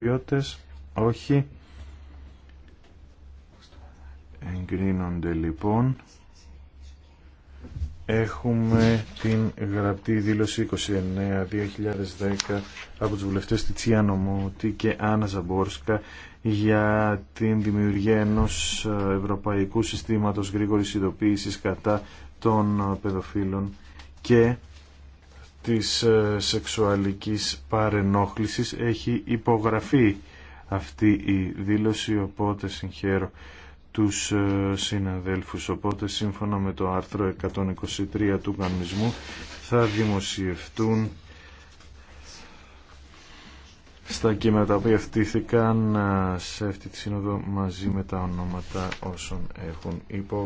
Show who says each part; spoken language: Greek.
Speaker 1: Ποιότητες, όχι. Εγκρίνονται λοιπόν. Έχουμε την γραπτή δήλωση 29-2010 από τους βουλευτές Τιτσιάνο Μούτη και Άννα Ζαμπόρσκα για την δημιουργία ενός ευρωπαϊκού συστήματος γρήγορης ειδοποίησης κατά των παιδοφίλων και της ε, σεξουαλικής παρενόχλησης έχει υπογραφεί αυτή η δήλωση οπότε συγχαίρω τους ε, συναδέλφους οπότε σύμφωνα με το άρθρο 123 του κανονισμού θα δημοσιευτούν στα κείμενα που οποία ε, σε αυτή τη σύνοδο μαζί με τα ονόματα όσων έχουν
Speaker 2: υπογραφεί